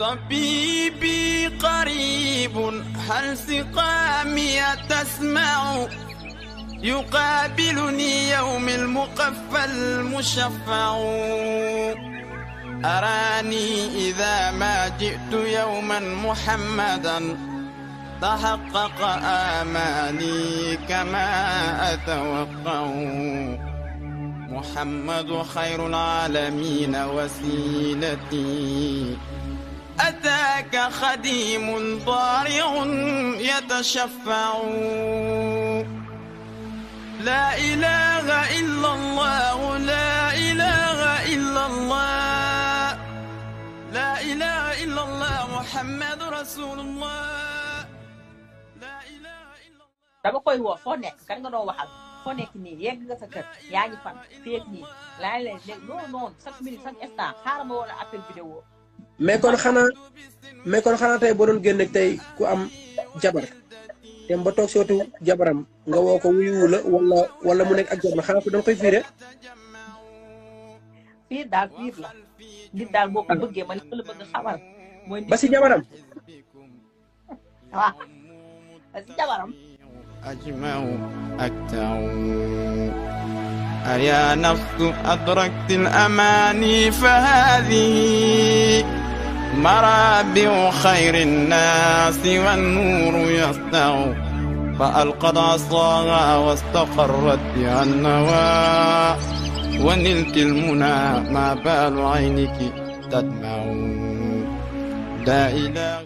طبيبي قريب هل سقامي تسمع يقابلني يوم المقفى المشفع أراني إذا ما جئت يوما محمدا تحقق آماني كما أتوقع محمد خير العالمين وسيلتي أتاك خديم ضارع يتشفع لا إله إلا الله لا إله إلا الله لا إله إلا الله محمد رسول الله لا إله إلا الله dama koy woo foo nekk kan nga doon waxal foo nekk nii yegg nga sa kër yaa ngi fan féeg nii laa lay léegi non chaque minute chaque instant xaaral ma wala appel vidéo mais kon xanaa mais kon xanaa tey boo doon génne tey ku am jabar dem ba toog si wetu jabaram nga woo ko wuyu la wala wala mu nekk ak jabar xanaa ko da nga koy ba si jabaram waaw ba si jabaram أجمع أكتع أيا نفس أدركت الأماني فهذه مرابع خير الناس والنور يسطع فألقت عصاها واستقرت بها النوى ونلت المنى ما بال عينك تدمع لا إله